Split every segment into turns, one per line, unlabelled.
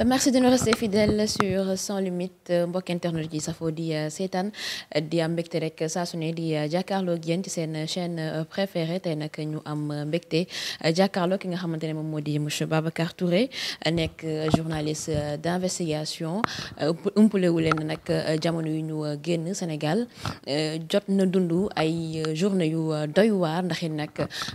Euh, merci de nous rester fidèles sur sans limite euh, mbokk internet ji safoo di euh, seetaan di am mbégte rek saa su ne di jàkkaarloo ak yéen ci seen chaîne préférée tey nag ñu am mbégte jàkkaarloo ki nga xamante ne moom moo di monsieur Babacar Touré nekk journaliste d'investigation umpalewu leen nag jamono yu ñu génn Sénégal jot na dund ay journée yu doy waar ndax it nag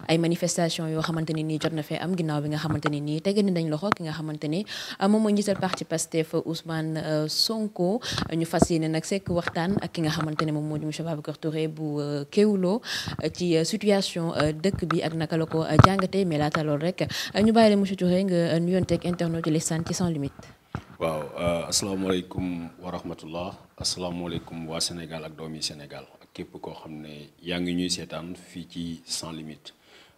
ay manifestations yoo xamante ne nii jot na fee am ginnaaw bi nga xamante ne nii tege nañ loxo ki nga xamante ni moom njiital parti Pastef Ousmane euh, Sonko ñu fas yéene nag sekk waxtaan ak ki nga xamante ne moom moo di monsieur Babacar Touré bu euh, Kewoulo euh, ci situation dëkk bi ak naka la ko jàngatee mais laata lool ñu bàyyi la monsieur Touré nga nuyonteeg internaute les sant ci sans limite.
waaw asalaamaaleykum wa rahmatullah asalaamaaleykum waa Sénégal ak doomi Sénégal ak képp koo xam ne yaa ngi ñuy seetaan fii ci sans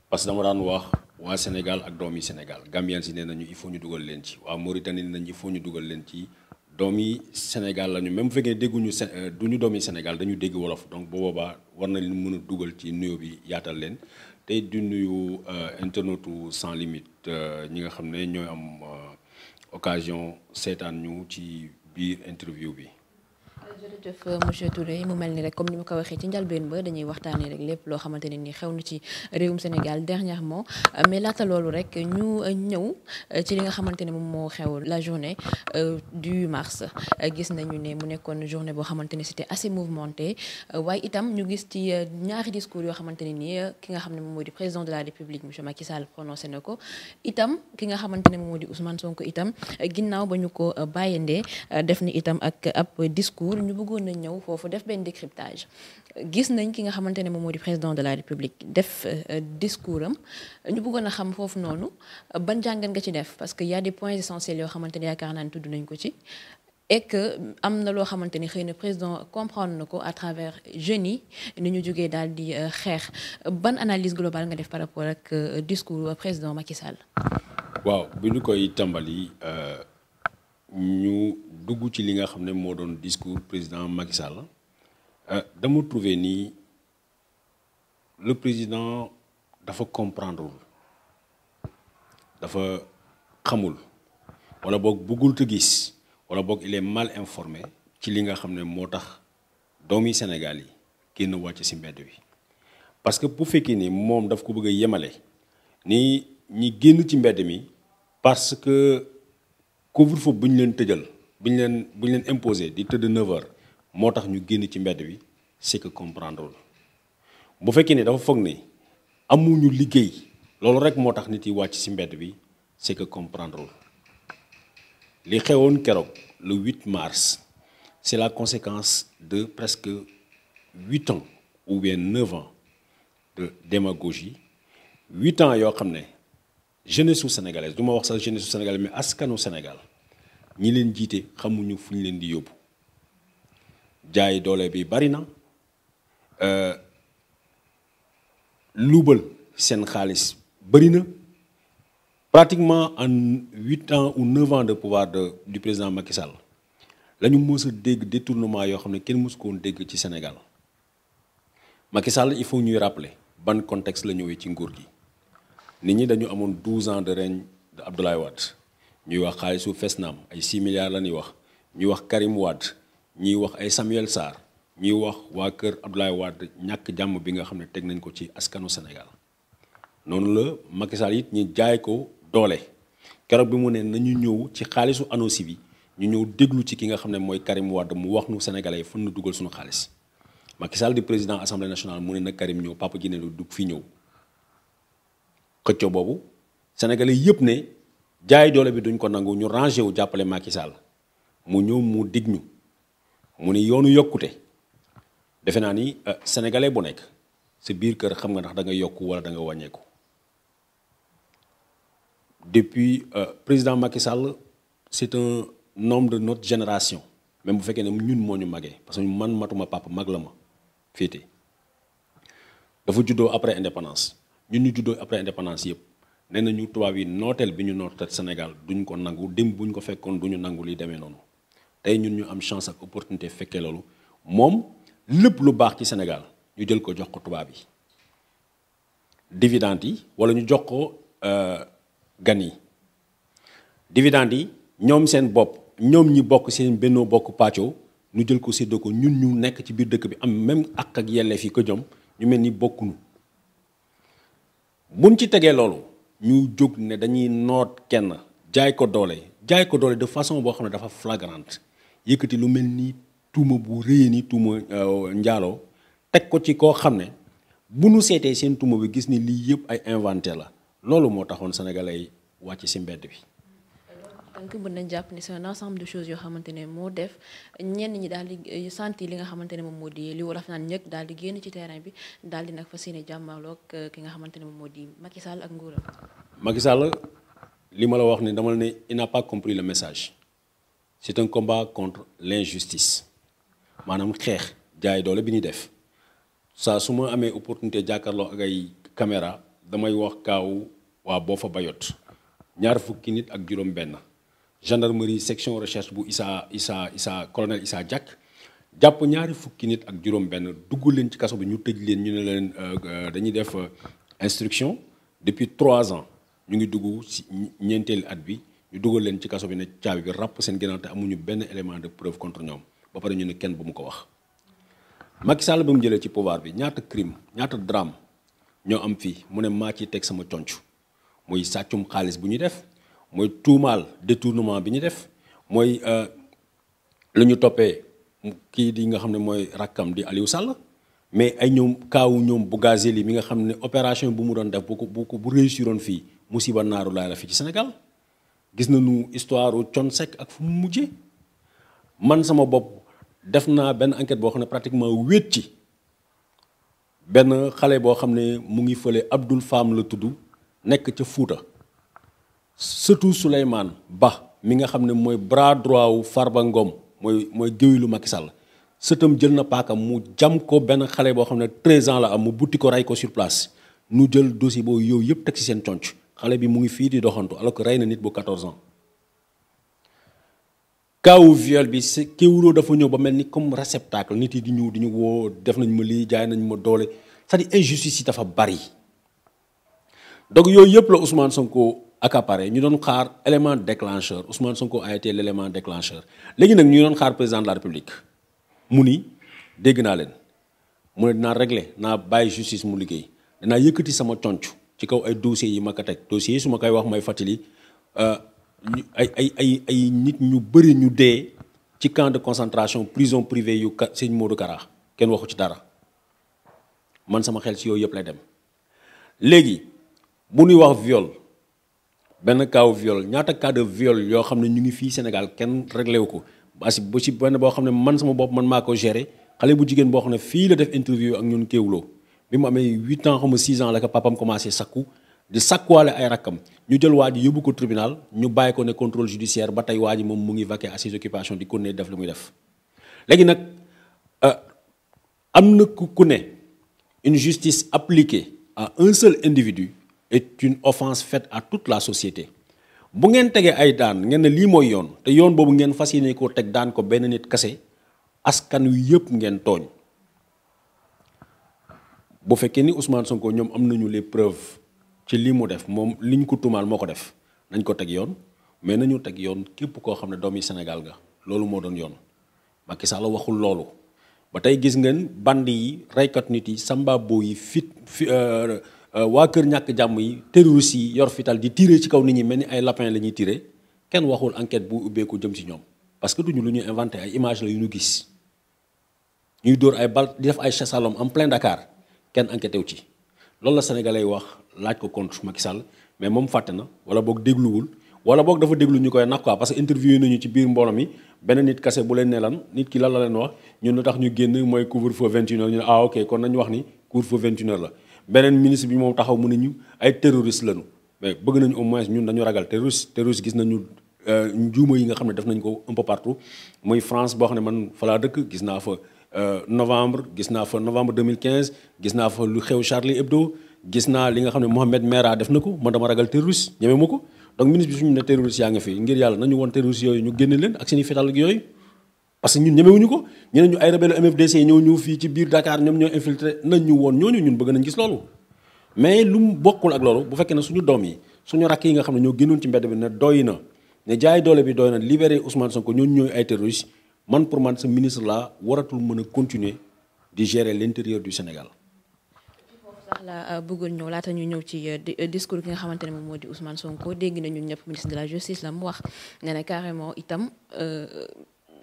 parce que dama daan wax waa Sénégal ak doom yi Sénégal Gambien si nee nañu il foo ñu dugal leen ci waa Mauritanie nee nañu foo faut ñu dugal leen ci doom yi Sénégal lañu même bu fekkee dégguñu Sé euh, du doom yi Sénégal dañu dégg wolof donc bu boobaa war nañ mën a dugal ci nuyo bi yaatal leen tey du nuyu euh, internetu sans limite euh, ñi nga xam ne ñooy am occasion seetaan ñu ci biir interview bi.
jërëjëf monsieur Touré mu mel ni rek comme ni ma ko waxee ci njalbeen ba dañuy waxtaanee rek lépp loo xamante ne ni xew na ci réewum Sénégal dernièrement mais laata loolu rek ñu ñëw ci li nga xamante ne moom moo xew la journée euh, du mars gis nañu ne mu nekkoon journée boo xamante ne c'était assez mouvementée waaye itam ñu gis ci euh, ñaari discours yoo xamante ne ni euh, ki nga xam ne moom moo di président de la République monsieur Macky Sall prononcé na ko itam ki nga xamante ne moom moo di Ousmane Sonko itam ginnaaw ba ñu ko bàyyandee def na itam ak ab discours. ñu bëggoon nañ ñëw foofu def benn décryptage gis nañ ki nga xamante ne moom moo di président de la république def euh, discours am ñu bëggoon a xam foofu noonu ban jàngan nga ci def parce que y a des points essentiels yoo xamante ne yaakaar naa ne tudd nañ ko ci et am na loo xamante ni xëy na président comprendre na ko à travers jeunes yi ni ñu jógee daal di euh, xeex ban analyse globale nga def par rapport ak euh, discours président Macky Sall.
waaw bu ñu koy tàmbali. ñu dugg ci li nga xam ne moo doon discours président Macky Sall euh, dama trouvé nii le président dafa comprendre dafa xamul wala boog bëggul te gis wala boog il mal informé ci li nga xam ne moo tax doomi Sénégal yi génn wàcc si mbedd bi parce que bu fekkee ni moom daf ko bëgg yemale ni ñi génn ci mbedd mi parce que couvre foofu bu ñu leen tëjal bu ñu leen bu ñu leen imposé di tëdd 9 moo tax ñu génn ci mbedd bi c'est que comprendre bu fekkee ne dafa foog ni amuñu liggéey loolu rek moo tax nit yi wàcc ci mbedd bi c'est que comprendre li xewoon keroog le huit mars c'est la conséquence de presque huit ans ou bien neuf ans de démagogie huit ans yoo xam ne. jeunesse su sénégalaise du ma wax sax jeunesse su sénégal mais askanu senegal ñi leen jiite xamuñu fu ñu leen di yóbbu jaay doole bi bari na euh, luubal seen xaalis bari na pratiquement en huit ans ou neuf ans de pouvoir de du président Macky Sall la ñu mës a dégg détournement yoo xam ne kenn mësu ko dégg ci Sénégal Macky il faut ñuy rappeler ban contexte la ñëwee ci nguur gi. nit ñi dañu amoon 12 ans de règne de Abdoulaye Wade ñuy wax xaalisu Fesnam ay 6 milliards la ñuy wax ñuy wax Karim Wade ñuy wax ay Samuel Sarr ñuy wax waa kër Abdoulaye Wade ñàkk jàmm bi nga xam ne teg nañ ko ci askanu Sénégal noonu la Macky Sall it ñu jaay ko doole keroog bi mu ne nañu ñëw ci xaalisu ANOCI bi ñu ñëw déglu ci ki nga xam ne mooy Karim Wade mu wax nu Sénégalais yi fan na dugal suñu xaalis Macky Sall di président assemblée nationale mu ne du fi ñëw. xëccoo boobu sénégalais yëpp ne jaay joole bi duñ ko nangu ñu rangé wu jàppale Macky Sall mu ñëw mu dig ñu mu ni yoonu yokkute defe naa ni euh, sénégalais bu nekk sa biir kër xam nga ndax da nga yokku wala da nga wàññeeku depuis euh, président Macky Sall c'est un homme de not génération même bu fekkee ne ñun moo ñu mage parce que man matuma papa mag la ma féete dafa juddoo après indépendance ñun ñu juddoo après indépendance yëpp nee na ñu tubaab yi nooteel bi ñu nootat Sénégal duñ ko nangu dim buñ ko fekkoon duñu nangu li demee noonu tey ñun ñu am chance ak opportunité fekkee loolu moom lépp lu baax ci senegal ñu jël ko jox ko tubaab yi dividende yi wala ñu jox ko euh, gan yi dividende yi ñoom seen bopp ñoom ñi bokk seen bennoo bokk pàccoo ñu jël ko séddoo ko ñun ñu nekk ci biir dëkk bi am même ak ak yelleef yi ko jom ñu mel ni bokkuñu buñ ci tegee loolu ñu jóg ne dañuy noot kenn jaay ko doole jaay ko doole de façon boo xam ne dafa flagrante yëkkati lu mel ni tuuma bu rëyee ni tuuma euh, njaaloo teg ko ci koo xam ne bu nu seetee seen tuuma bi gis ni lii yëpp ay inventé la loolu moo taxoon sénégalais yi wàcc si mbedd bi.
tënk mën nañ jàpp ni c'est un ensemble de choses yoo xamante moo def ñenn ñi daal di senti li nga xamante ne moom moo di li wolof naan ñëkk daal di génn ci terrain bi daal di nag fas yéene jàmmaarloog euh, ki nga xamante ne moom moo di Macky Sall ak nguuram.
Macky Sall li ma la wax ne dama la ne il n'a pas compris le message c'est un combat contre l'injustice maanaam xeex jaay doole bi ñuy def saa su ma amee opportunité jàkkaarloo ak ay caméra damay wax kaaw waa boo fa bayot fukki nit ak juróom gendarmerie section recherche bu Issa Issa Issa colonel Issa Diack jàpp ñaari fukki nit ak juróom-benn dugg leen ci kaso bi ñu tëj leen ñu ne leen euh, euh, dañuy def euh, instruction depuis trois ans ñu ngi dugg si ñeenteel at bi ñu dugal leen ci kaso bi ne caabi bi ràpp seen ginnaaw amuñu benn élément de preuve contre ñoom ba pare ñu ne kenn bu mu ko wax. Macky Sall ba jëlee ci pouvoir bi ñaata crime ñaata drame ñoo am fii mu ne maa ci teg sama conc muy sàccum xaalis bu ñuy def. mooy tuumaal détournement bi ñu def mooy euh, lu ñu toppee kii di nga xam ne mooy rakkam di Aliou Sall mais ay ñoom kaawu ñoom Bougazelli mi nga xam ne opération bu mu doon def bu ko bu ko bu réussiroon fii musiba naaru laay la fii ci Sénégal gis nañu histoire Thione Seck ak fu mu mujjee man sama bopp def naa benn enquête boo xam ne pratiquement wéet ci benn xale boo xam ne mu ngi fële Abdoul Fam la tudd nekk ca Fuuta surtout Souleymane Ba mi nga xam ne mooy bras droit wu Farba Ngom mooy mooy géwélu Macky Sall sëtam jël na paakam mu jam ko benn xale boo xam ne 13 ans la am mu butti ko rey ko sur place nu jël dosi boo yow yëpp teg ci seen conc xale bi mu ngi fii di doxantu alors que rey na nit bu 14 ans. kaawu viol bi si Kéwoulo dafa ñëw ba mel ni comme réceptacle nit yi di ñëw di ñu woo def nañ ma lii jaay nañu ma doole c'est-à-dire injustice yi dafa bari donc yooyu accaparé ñu doon xaar élément déclencheur Ousmane Sonko a été l' élément déclencheur léegi nag ñu doon xaar président de la République mu ni dégg naa leen mu ne dinaa régler naa bàyyi justice mu liggéey dinaa yëkkati sama conc ci kaw ay dossiers yi ma ko teg dossiers yi su ma koy wax may fàttali euh, ay ay ay ay nit ñu bëri ñu dee ci camp de concentration prison privée yu ka sëñ Modou Kara kenn waxu ci dara man sama xel si yooyu yëpp lay dem léegi bu ñuy wax viol. benn cas viol ñaata cas viole yoo xam ne ñu ngi fii Sénégal kenn réglé wu ko basi ba si benn boo xam ne man sama bopp man maa ko géré xale bu jigéen boo xam ne fii la def interview ak ñun Kéwoulo bi mu amee huit ans xaw ma six ans la ko papam commencé sakku di sakkuwaale ay rakkam ñu jël waa ji ko tribunal ñu bàyyi ko ne contrôle judiciaire ba tey waa moom mu ngi vaquer à ses occupations di continuer def lu muy def léegi nag euh, am na ku ku ne une justice appliquée à un seul est une offense faite à tout la société bu ngeen tegee ay daan ngeen ne lii mooy yoon te yoon boobu ngeen fas yéene koo teg daan ko benn nit kase askan wi yëpp ngeen tooñ bu fekkee ni Ousmane Sonko ñoom am nañu les preuves ci li mu def moom liñ ko tuumaal moo ko def nañ ko teg yoon mais nañu teg yoon képp koo xam ne doomi Sénégal ga loolu moo doon yoon Macky Sall waxul loolu ba tey gis ngeen band yi reykat nit yi samba yi fit euh, Euh, waa kër ñàkk jàmm yi terroriste yi yor fital di tiire ci kaw nit ñi mel ni ay lapin la ñuy tiré kenn waxul enquête bu ubbeeku jëm ci ñoom parce que ñu lu ñuy inventé ay image la yu ñu gis ñuy dóor ay bal di def ay chasse à l'homme en Dakar kenn enquêté wu ci loolu la sénégalais yi wax laaj ko contre Macky Sall mais moom fàtte na wala boog dégluwul wala boog dafa déglu ñu koy nag quoi parce nañu ci biir mbooloo mi benn nit kase bu leen ne ki lan la leen wax ñun lu tax ñu génn mooy couvre feu 21 heures ñu ne ah ok kon nañu wax ni couvre feu 21 heures la beneen ministre bi moom taxaw mu ne ñu ay terroriste lañu mais bëgg nañu au moins ñun dañu ragal terroriste terroriste gis nañu euh, njuuma yi nga xam ne def nañ ko un peu partout muy France boo xam ne man falaa laa dëkk gis naa fa euh, novembre gis naa fa novembre 2015 gis naa fa lu xew Charlie Hebdo gis naa li nga xam ne Mohamed Merah def na ko man dama ragal terroriste ñeme ma ko donc ministre bi suñu ne terroriste yaa ngi fi ngir yàlla nañu woon terroriste yooyu ñu génne leen ak seen i fetal ak yooyu parce que ñun ñemewuñu ko ñu ne ñu ay rebelle MFDC ñoo ñëw fii ci biir Dakar ñoom ñoo infiltré nañ ñu woon ñooñu ñun bëgg nañ gis loolu mais lu fekkee ne suñu doom yi suñu rakk yi nga xam ne ñoo génnoon ci mbedd bi ne doy na ne jaay doole bi doy na libéré Ousmane Sonko ñooñu ñooy ay man pour man sa ministre la waratul mën a continuer di gérer l'intérieur du Sénégal
sax la euh, bëggoon ñëw laata ñu ñëw ci euh, euh, discours nga xamante ne moom moo di Ousmane Sonko dégg nañu ñëpp ministre de la justice la mu wax nee carrément itam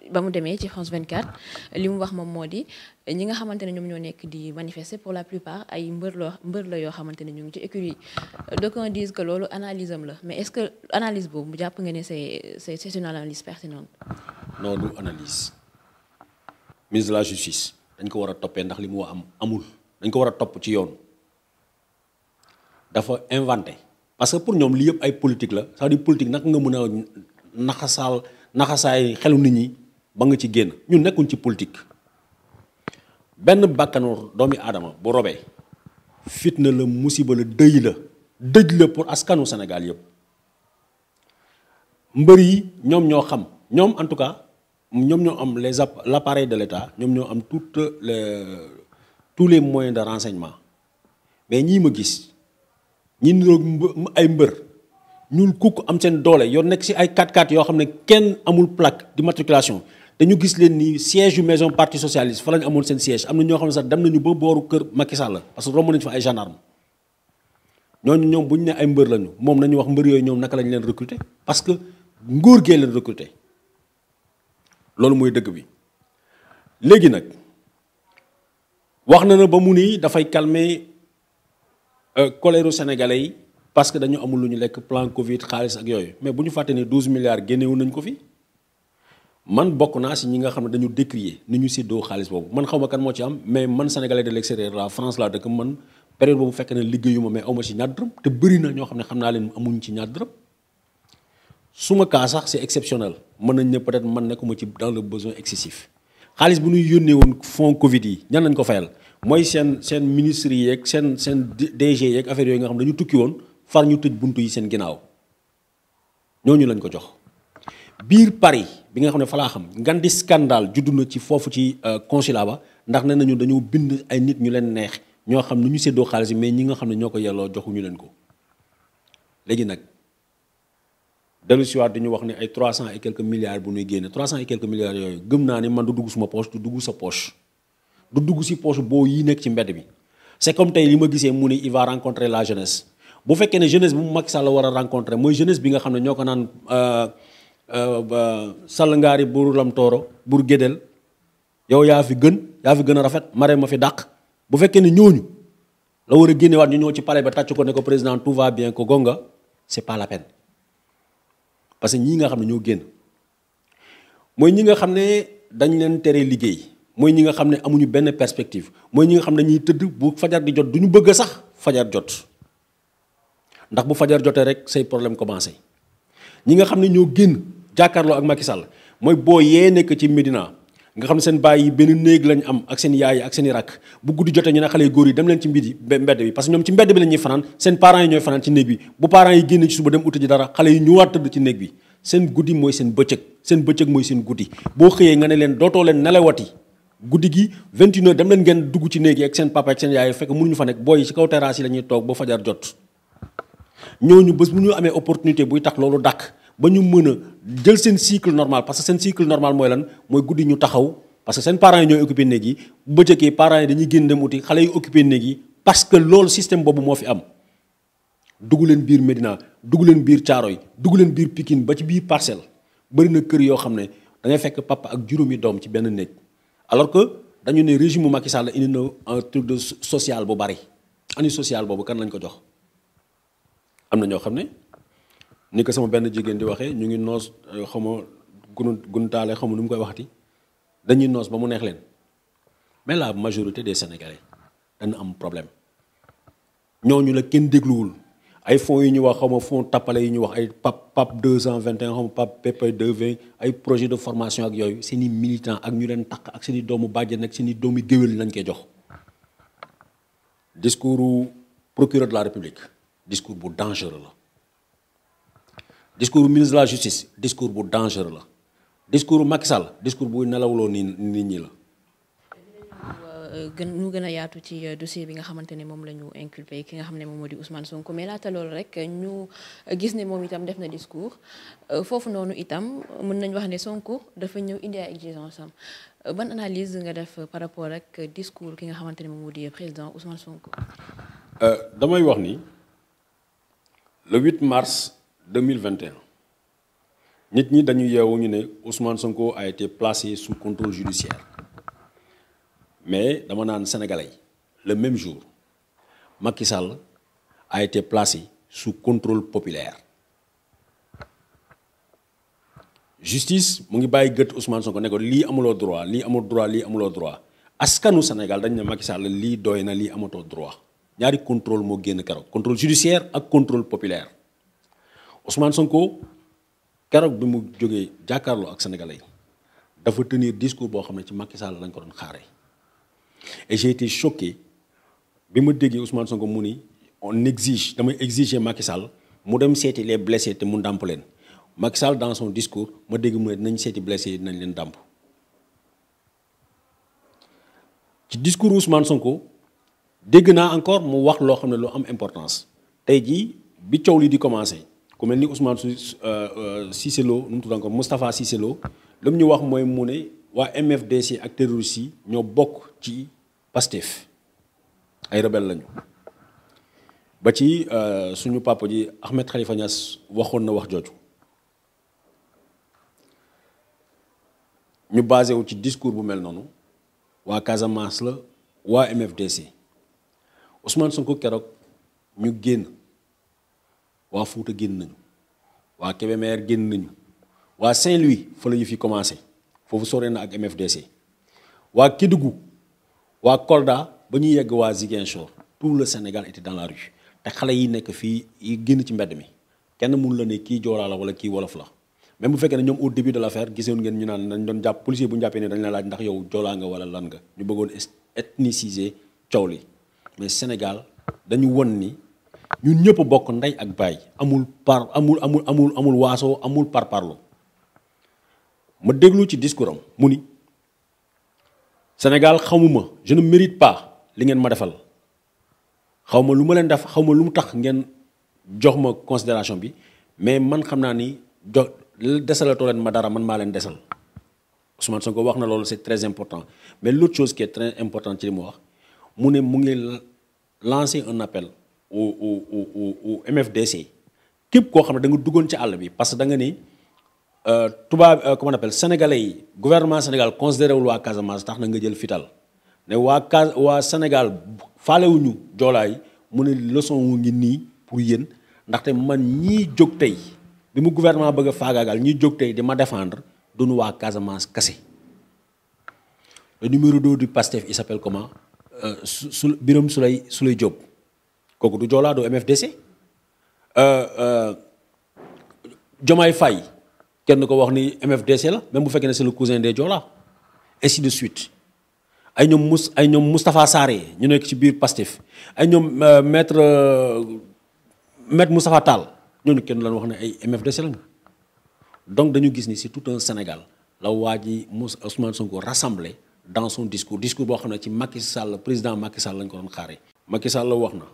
ba mu demee ci France 24 li mu wax moom moo di ñi nga xamante ne ñoom ñoo nekk di manifester pour la plupart ay mbër loo mbër la yoo xamante ne ñu ngi ci écurie d'aucuns disent ko loolu analyse am la mais est-ce que analyse boobu jàpp nga ne c'est c'est c'est une analyse pertinente.
non du analyse ministre de la justice dañ ko war a toppee ndax li mu am amul dañ ko war a topp ci yoon dafa inventé parce que pour ñoom li yëpp ay politique la c'est-à-dire politique naka nga mën a naxasaal naxasaay xelu nit ñi. ba nga ci génn ñun nekkuñ ci politique benn bàkkanu doomi aadama bu robee fitna la musiba la dëy la dëj la pour askanu Sénégal yëpp mbër yi ñoom ñoo xam ñoom en tout cas ñoom ñoo am les l'appareil de l'État ñoom ñoo am toutes les tous les moyens de renseignement mais ñii ma gis ñi niroog ay mbër ñun kukk am seen doole yoo nekk si ay 4 x yoo xam ne kenn amul plaque d'immatriculation dañu gis leen ni siège yu maison parti socialiste fa la amoon seen siège am na ñoo xam ne sax dem nañu ba booru kër Macky Sall parce que romb nañu fa ay gendarme ñooñu ñoom bu ñu ne ay mbër lañu moom nañu wax mbër yooyu ñoom naka lañu leen recruter parce nguur gee leen recruter loolu mooy dëgg bi. léegi nag wax na na ba mu ni dafay calmer euh, colère sénégalais yi parce que dañu amul lu ñu lekk plan Covid xaalis ak yooyu mais bu ñu fàtte ne douze milliards nañ ko fi. man bokk naa si ñi nga xam ne dañu décrier ni ñu séddoo xaalis boobu man xaw ma kan moo ci am mais man sénégalais de l'extérieur la France laa dëkk man période boobu fekk na liggéeyu ma mais aw ma si ñaar dërëm te bëri na ñoo xam ne xam naa leen amuñ ci ñaar dërëm suma cas sax c'est exceptionnel mën nañ ne peut-être man nekkuma ci dans le besoin excessif xaalis bu ñuy yónnee woon fonds Covid yi ñan nañ ko fayal mooy seen seen ministres yi yeeg seen seen DG yeeg affaire yooyu nga xam ne tukki woon far ñu tëj buntu yi seen ginnaaw ñooñu lañ ko jox. biir Paris bi nga xam ne fa laa xam ngan di scandale juddu na ci foofu ci euh, consulat ba ndax nee nañu dañoo bind ay nit ñu leen neex ñoo xam nu ñu séddoo xaalis mais ñi nga xam ne ñoo ko yelloo joxuñu leen ko léegi nag dellu siwaat di wax ne ay trois et quelques milliards bu ñuy génne trois cent et quelques milliards yooyu naa ni man dugg suma poche du sa poche du dugg si poche boo yi nekk ci mbedd bi c'est comme tey li ma gisee mu ne il va la jeunesse bu fekkee ne jeunesse bu Macky Sall la war a rencontrer mooy bi nga xam ne ñoo ko naan euh, Euh, sallngaari buur lam tooro buur gédéel yow yaa fi gën yaa fi gën a rafet mare ma fi dàq bu fekkee ne ñooñu la war a génnewaat ñu ñoo ci palais ba tàcc ko ne ko président tout va bien ko gonga c'est pas la peine parce que ñii nga xam ne ñoo génn mooy ñi nga xam ne dañ leen tere liggéey mooy ñi nga xam ne amuñu benn perspective mooy ñi nga xam ne ñuy tëdd bu fajar di jot du ñu bëgg sax fajar jot ndax bu fajar jotee rek say problème commencé ñi nga xam ne ñoo génn jàkkaarloo ak Macky Sall mooy boo yee nekk ci Médina nga xam ne seen baay yi benn néeg lañ am ak seen yaay ak seen i rakk bu guddi jotee ñu ne xale góor yi dem ci bi parce que ñoom ci mbedd bi la ñuy fanaan seen parents yi ñooy fanaan ci néeg bi bu parents yi génn ci suba dem uti ji dara xale seen guddi mooy seen bëccëg boo xëyee nga ne leen dootoo leen nelawati guddi gi 21 heures dem leen ngeen dugg ci néeg yi ak seen papa ak seen yaay fekk mënuñu fa nekk booy ci kaw terrasse yi la ñuy toog ba fajar jot ñooñu bés bu ñu amee opportunité buy tax loolu dàkk ba ñu mën a jël seen cycle normal parce que seen cycle normal mooy lan mooy guddi ñu taxaw parce que seen parents yi ñooy occupé néeg yi bëccëg yi parents yi dañuy génn dem uti xale yi occupé néeg yi parce que loolu système boobu moo fi am dugg leen biir Médina dugg leen biir caaro yi dugg leen biir Pikine ba ci biir parcelle bëri na kër yoo xam ne dangay fekk papa ak juróomi doom ci benn néeg alors que dañu ne régime Macky Sall indi na un truc de social bu bari année sociale boobu kan lañ ko jox. am na ñoo xam ne ni ko sama benn jigéen di waxee ñu ngi noos euh, xaw ma gunu guntaale xaw nu mu koy waxati dañuy noos ba mu neex leen mais la majorité des sénégalais dañu am problème ñoo ñu la kenn dégluwul ay fonds yu ñu wax xaw ma fonds tappale yu ñu wax ay PAP PAP 221 xaw ma PAP PP 220 ay projet de formation ak yooyu seen i militants ak ñu leen takk ak seen i doomu bàjjen ak seen i doomu géwél lañ koy jox discours procureur de la république discours bu dangereux la discours bu ministre de la justice discours bu dangereux la discours Macky Sall discours bu nelawloo nii nit ñi la.
Euh, gën ñu gën a yaatu ci euh, dossier bi nga xamante ne moom la ñu inculpé ki nga xam ne moom moo di Ousmane Sonko mais laata loolu rek ñu gis ne moom itam def na discours euh, foofu noonu itam mën nañu wax ne Sonko dafa ñëw india ay exigence am ban analyse nga def par rapport ak discours ki nga xamante ne moom moo di président Ousmane Sonko.
damay wax ni. le 8 mars 2021 nit ñi dañu yeewu ñu ne Ousmane Sonko a été placé sous contrôle judiciaire mais dama naan sénégalais le même jour Macky Sall a été placé sous contrôle populaire justice mu ngi bàyyi gët Ousmane Sonko ne ko lii amuloo droit lii amul droit lii amuloo droit askanu Sénégal dañu ne Macky Sall lii doy na lii amatoo droit. ñaari contrôle moo génn keroog contrôle judiciaire ak contrôle populaire Ousmane Sonko keroog bi mu jógee jàkkaarloo ak sénégalais dafa tenir discours boo xam ne ci Macky lañ ko doon xaaree et j'ai bi ma déggee Ousmane Sonko mu ni on exige damay exiger Macky Sall mu dem seeti les blessés te mu ndàmp leen Macky Sall dans son discours ma dégg mu ne dinañ seeti blessés nañ leen dàmp ci discours Ousmane Sonko. dégg naa encore mu wax loo xam ne lu am importance tey jii bi coow lii di commencé ku mel ni Ousmane euh, euh, Cissé Lo nu mu tudd encore Moustapha Cissé Lo lu mu ñu wax mooy mu ne waa MFDC ak terroristes yi ñoo bokk ci Pastef ay rebelle lañu ba ci euh, suñu papa ji Ahmed Khalifa Niass waxoon na wax jooju ñu basé wu ci discours bu mel noonu waa Casamance la waa MFDC. Ousmane Sonko keroog ñu génn waa Fuuta génn nañu waa Kébémer génn nañu waa Saint-Louis fa la ñu fi commencé foofu sore na ak MFDC waa Kédougou waa Kolda ba ñuy yegg waa Ziguinchor tout le Sénégal était dans la rue te xale yi nekk fii yi génn ci mbedd mi kenn mun la ne kii Joolaa la wala kii Wolof la même bu fekkee ne ñoom au début de l' affaire gisoon ngeen ñu naan dañ doon jàpp policier bu ñu jàppee dañ la laaj ndax yow Joolaa nga wala lan nga ñu bëggoon ethniciser coow li mais Sénégal dañu won ni ñun ñëpp bokk ndey ak baay amul par amul amul amul amul waasoo amul par parlo ma déglu ci discours mu ni Sénégal xamuma je ne mérite pas li ngeen ma defal xaw ma lu ma leen def xaw ma lu mu tax ngeen jox ma considération bi mais man xam naa ni jox desalatoo leen ma dara man maa leen desal Ousmane Sonko wax na loolu c'est très important mais l'autre chose qui tres important importante ci li mu wax mu ne mu ngi lancer un appel au au au MFDC képp koo xam ne danga nga duggoon ci àll bi parce que da nga ni euh, tubaab euh, comment on appelle sénégalais yi gouvernement Sénégal considéré wul waa Casamance tax na nga jël fital ne waa Cas waa Sénégal faalewuñu joolaay mu ne leçon wu ngi nii pour yéen ndaxte man ñii jóg tey bi mu gouvernement bëgg a faagaagal ñii jóg tey di ma défendre duñu waa Casamance kasi le numéro 2 du PASTEF il s'appelle comment. Euh, su su Birame Souleye Souleye Diop kooku du Joola du MFDC. Euh, euh, Diomaye Faye kenn ko wax ni MFDC la même bu fekkee ne c'est le cousin des Joola ainsi de suite ay ñoom mus ay ñoom Moustapha Sarré ñu nekk ci biir Pastef ay ñoom maître maître Moustapha Tall ñooñu kenn lan wax ne ay MFDC lañu donc dañu gis ni c'est tout un Sénégal la waa ji Ousmane Sonko rassemblé dans son discours discours boo xam ne ci Macky Sall président Macky Sall lañ ko doon xaaree. Macky Sall wax na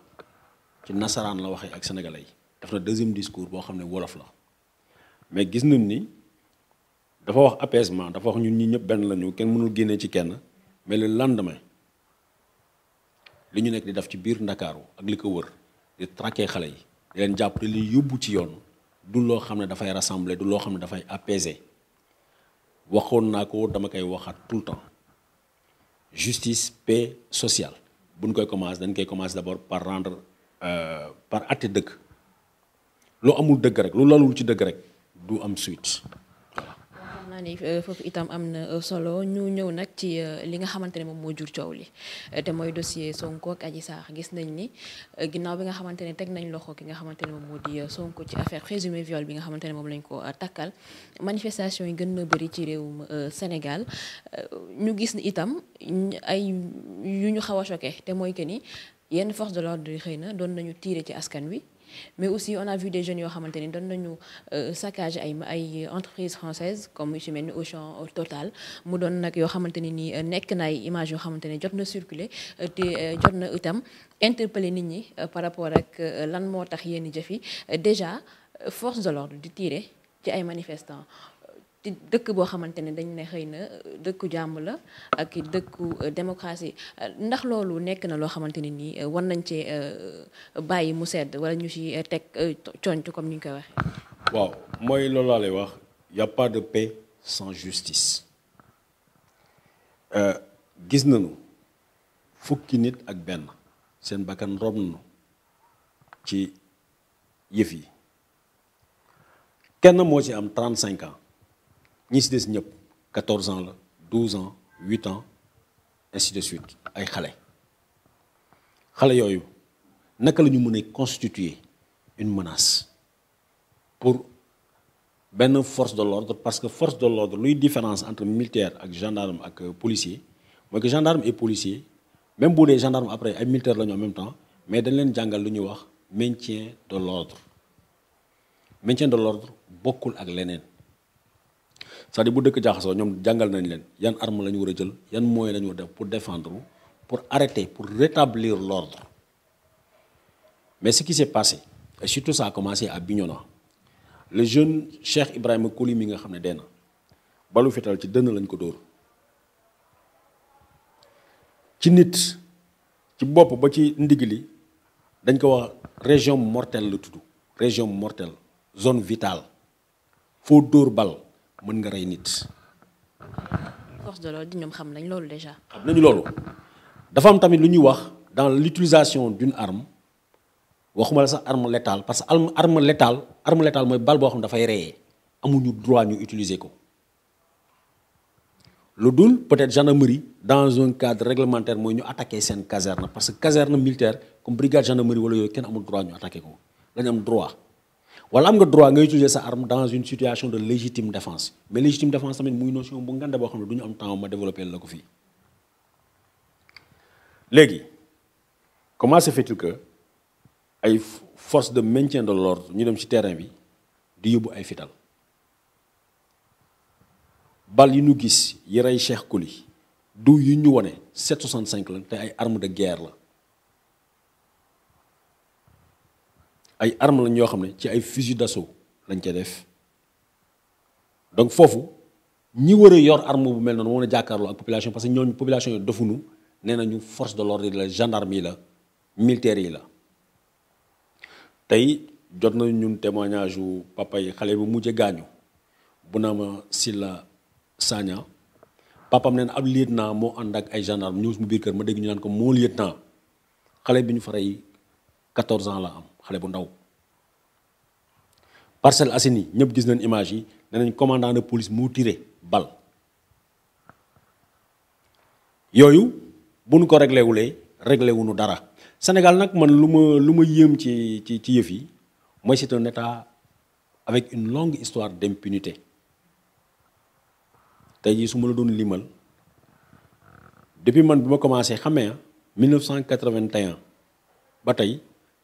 ci nasaraan la waxee ak sénégalais yi def na deuxième discours boo xam ne wolof la mais gis nañ ni dafa wax apaisement dafa wax ñun ñi ñëpp benn lañu kenn mënul génnee ci kenn mais le lendemain li ñu nekk di def ci biir Ndakaaru ak li ko wër di traqué xale yi di leen jàpp di yóbbu ci yoon du loo xam ne dafay rassembler du loo xam ne dafay apaiser waxoon naa ko dama koy waxaat tout le temps. justice paix sociale bu ñu koy commencé dañ koy commencé d'abord par rendre euh, par àtte dëgg loo amul dëgg rek lu lalul ci dëgg rek du am suite
naa ni euh, foofu itam am na euh, solo ñu ñëw nag ci euh, li nga xamante ne moom moo jur coow li te mooy dossier Sonko ak Adji Sarr gis nañ ni ginnaaw bi nga xamante ne teg nañ loxo ki nga xamante ne moom moo di Sonko ci affaire présumé viol bi nga xamante ne moom lañ ko takkal manifestation yi gën na bëri ci réewum Sénégal ñu gis ni itam ay yu ñu xaw a choqué te mooy que ni yenn force de l'ordre xëy na doon nañu tiire ci askan wi mais aussi on a vu des jeunes yoo xamante ni doon nañu euh, sacage ay ay entreprises françaises comme ci mel ni Auchan totale mu doon nag yoo xamante ne ni euh, nekk na ay images yoo xamante ne jot na circuler euh, te jot na itam interpeller nit ñi par rapport ak lan moo tax yenn jëf yi déjà force de l'ordre di tiire ci ay manifestants ci dëkk boo xamante ne dañ ne xëy na euh, dëkku jàmm la ak dëkku euh, démocratie euh, ndax loolu nekk na loo xamante ne nii war nañ cee bàyyi mu sedd wala ñu ci teg conc comme ni ñu koy waxee.
waaw mooy loolu wax y a pas de paix sans justice gis nañu fukki nit ak benn seen bakkan rob nañu ci yëf yi kenn moo ci am 35 ans. ñi si des ñëpp 14 ans la 12 ans 8 ans ainsi de suite ay xale xale yooyu naka la ñu mën a constituer une menace pour benn force de l'ordre parce que force de l'ordre luy différence entre militaire ak gendarme ak policier mooy que gendarme et policier même bu dee gendarme après ay militaire la ñu en même temps mais dañ leen jàngal lu ñu wax maintien de l'ordre maintien de l'ordre bokkul ak leneen cest à bu dëkk jaaxasoo ñoom jàngal nañ leen yan arme la ñu war a jël yan moyen la ñu war a def pour défendre pour arrêter pour rétablir l'ordre mais ce qui s'est passé et surtout ça a commencé à Bignona le jeune Cheikh Ibrahima Coly mi nga xam ne dee na balu fetal ci dënn lañ ko dóor ci nit ci bopp ba ci ndigg li dañ ko wax région mortelle la tudd région mortelle zone vitale foo dóor bal mën nga rey nit.
force de l'ordre ñoom xam nañ loolu déjà. xam nañu
loolu dafa am tamit lu ñuy wax dans l'utilisation d'une arme waxuma la sax arme létale parce que arme arme létale arme létale mooy bal boo xam ne dafay reyee amuñu droit ñu utiliser ko. lu dul peut-être gendarmerie dans un cadre réglementaire mooy ñu attaquer seen caserne parce que caserne militaire comme brigade gendarmerie wala yooyu kenn amul droit ñu attaquer ko dañu am droit. wala am nga droit ngay utiliser sa arme dans une situation de légitime défense mais légitime défense tamit muy notion bu ngande boo xam ne du ñu am temps ma développé la ko fii léegi comment se fait que ay force de maintien de l'ordre ñu dem ci terrain bi di yóbbu ay fital bal yi ñu gis yi rey Cheikh Koli du yu ñu wone 765 la te ay arme de guerre la ay arme lañ yoo xam ne ci ay fusil d'assaut lañ ca def donc foofu ñi war a yor arme bu mel noonu moom a jàkkaarloo ak population parce que ñooñu population yi dofunu nee nañu force de l'ordre yi la gendarme yi la militaire yi la tey jot nañ ñun témoignage wu papa yi xale bu mujje gaañu bu naa ma Silla Sagna papam nee na ab lieutenant moo ànd ak ay gendarme ñëw mu biir kër ma dégg ñu naan ko moo lieutenant xale bi ñu faray 14 ans la am xale bu ndaw Parcelles Assainies ñëpp gis nañ image yi ne nañ commandant de police mu tire bal yooyu bu nu ko réglé wulee réglé dara Sénégal nag man lu ma lu ma yéem ci ci ci yëf yi mooy c'est un état avec une longue histoire d'impunité tey jii su ma la doon limal depuis man bi ma commencé xamee 1981 ba tey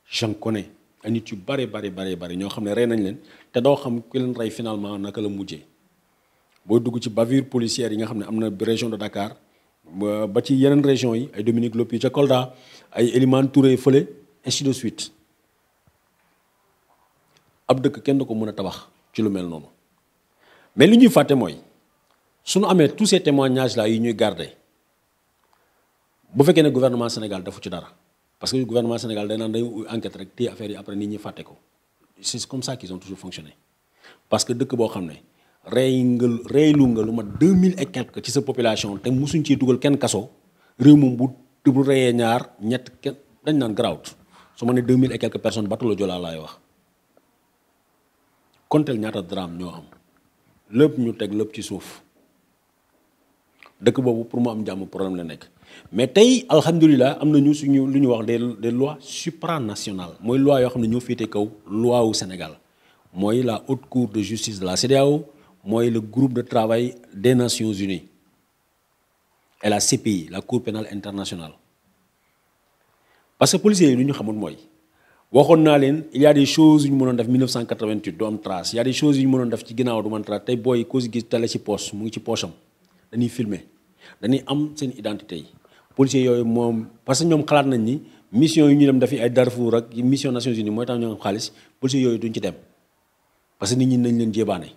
j'en connais ay nit yu bare bare bari bare ñoo xam ne rey nañ leen te doo xam ku leen rey finalement naka la mujjee boo dugg ci bavure policière yi nga xam ne am na région de Dakar ba ci yeneen région yi ay Dominique Lopi ca Kolda ay Elimane Touré fële ainsi de suite ab dëkk kenn du ko mën a tabax ci lu mel noonu mais li ñuy fàtte mooy su nu amee tous ces témoignages là yi ñuy garde bu fekkee ne gouvernement Sénégal dafa ci dara parce que gouvernement Sénégal day naan day enquête rek téye affaire yi après nit ñi fàtte ko c' est comme ça qu' ils ont toujours fonctionné parce que dëkk boo xam ne rey nga lu nga lu mat deux mille et quelque ci sa population te musuñ ciy dugal kenn kaso réew moom bu bu reyee ñaar ñett kenn dañ naan garaawut su ma ne deux mille et quelques personnes bateau la Joola laay wax konteel ñaata drame ñoo am lépp ñu teg lépp ci suuf dëkk boobu pour mu am jàmm problème la nekk. mais tey alhamdulilah am na nañu suñu lu ñu wax des des lois supranationales mooy loi yoo xam ne ñoo féete kaw loi wu Sénégal mooy la haute cour de justice la CEDEAO mooy le groupe de travail des Nations Unies et la CPI la cour pénale internationale parce que yi lu ñu xamoon mooy waxoon naa leen il y a yu ñu mënoon def 1988 du am trace il y a des choses yu ñu mënoon def ci ginnaaw du man trace tey booy ko gis télé ci poche mu ngi ci poche am dañuy filmer dañuy am seen identité yi. policiers yooyu moom parce que ñoom xalaat nañ ni mission yi ñu dem dafi ay Darfour ak mission Nations Unies mooy tax ñoo am xaalis policiers yooyu duñ ci dem parce que nit ñi nañ leen jébaane.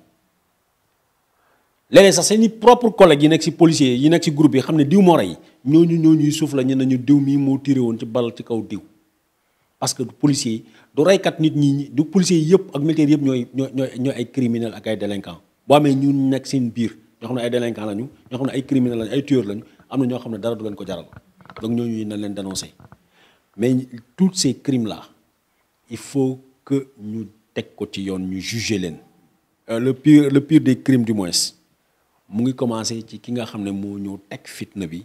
léeg sax seen i propre collègue yi nekk si policiers yi nekk si groupe yi xam ne diw moo rey ñooñu ñooñuy suuf la ñu nañu diw mii moo tiré woon ci bal ci kaw diw. parce que policiers yi du reykat nit ñi du policiers yi ak militaires yëpp ñooy ñooy ñooy ay criminels ak ay délinquants boo amee ñu nekk seen biir ñoo xam ne ay délinquants lañu ñoo xam ne ay criminels lañu ay tueurs lañu am na ñoo xam ne dara du leen ko jaral donc ñooñu nañ leen dénoncer mais tout ces crimes là il faut que ñu teg ko ci yoon ñu juger leen. Euh, le pire le pire des crimes du moins mu ngi commencé ci ki nga xam ne moo ñëw teg fitna bi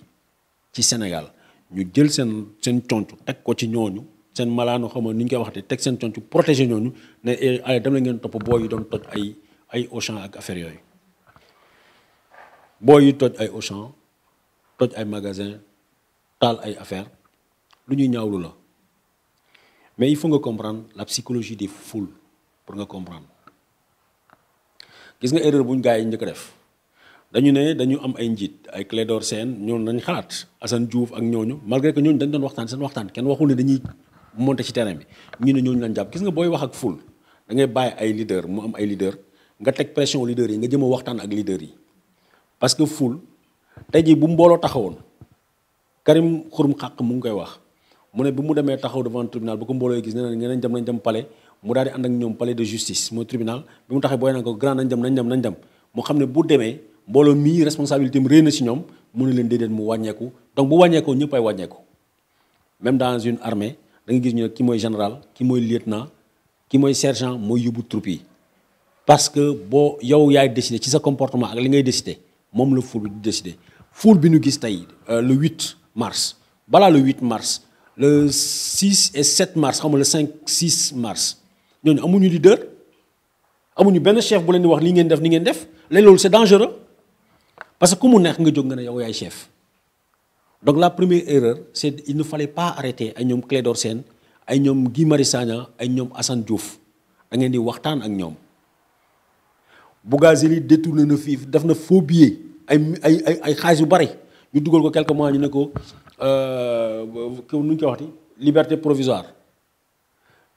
ci Sénégal ñu jël seen seen tontu teg ko ci ñooñu. seen malaano xama ni ñu koy waxte teg seen tontu protéger ñooñu ne eh, ay dem la ngeen topp booy yu doon toj ay ay Auchan ak affaire yooyu booy yu toj ay Auchan toj ay magasin taal ay affaire lu ñuy ñaawlu la mais il faut nga comprendre la psychologie des foules pour nga comprendre gis nga erreur buñ gaa yi njëkk def dañu ne dañu am ay njiit ay Clédor Sène ñoo nañ xalaat Assane Diouf ak ñooñu malgré que ñooñu dañ doon waxtaan seen waxtaan kenn waxul ne dañuy monter ci terrain bi ñu ne ñooñu lañ jàpp gis nga booy wax ak ful da ngay bàyyi ay leader mu am ay leader nga teg pression leader yi nga jëm waxtaan ak leader yi tey jii bu mbooloo taxawoon Karim xurum xàq mu ngi koy wax mu ne bi mu demee taxaw devant tribunal bu ko mbooloo gis nee na ngeen dem nañ dem palais mu daal di ànd ak ñoom palais de justice mooy tribunal bi mu taxee booy na ko grand nañ dem nañ dem nañ dem mu xam ne bu demee mbooloo mii responsabilité mu réy na si ñoom mu ne leen déedéet mu wàññeeku donc bu wàññeekoo ñëpp ay wàññeeku même dans une armée da nga gis ñu ne ki mooy général ki mooy lieutenant ki mooy sergent mooy yóbbu troupe yi parce que boo yow yaay décider ci sa comportement ak li ngay décider moom la foule bi di décider foule bi ñu gis tey euh, le 8 mars balaa le 8 mars le 6 et 7 mars xam nga le 5 mars ñooñu amuñu di leader amuñu benn chef bu leen di wax li ngeen def ni ngeen def léegi loolu c'est dangereux parce que ku mu neex nga jóg nga ne yow yaay chef donc la première erreur c'est il ne fallait pas arrêter ay ñoom Clédor seen ay ñoom Guy Marius Sagna ay ñoom assan Diouf da ngeen di waxtaan ak ñoom Bougazeli détourné na fii def na faux billet ay ay ay ay xaalis yu bari ñu dugal ko quelques mois ñu ne ko euh, nu ñu koy waxati liberté provisoire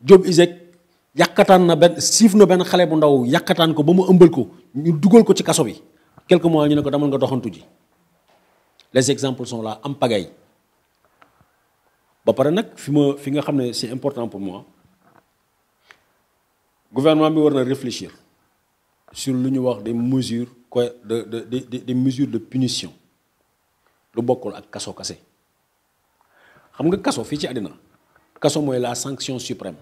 Diop Iseg yàqataan na benn siif na benn xale bu ndaw yàqataan ko ba mu ëmbal ko ñu dugal ko ci kaso bi quelques mois ñu ne ko damal nga doxantu ji les exemples son là am pagaille ba pare nag fi ma fi nga xam ne c'est important pour moi gouvernement bi war na réfléchir su lu ñu wax des mesures de de de de mesures de punition lu bokkul ak kaso kase xam nga kaso fii ci àddina kaso mooy la sanction suprême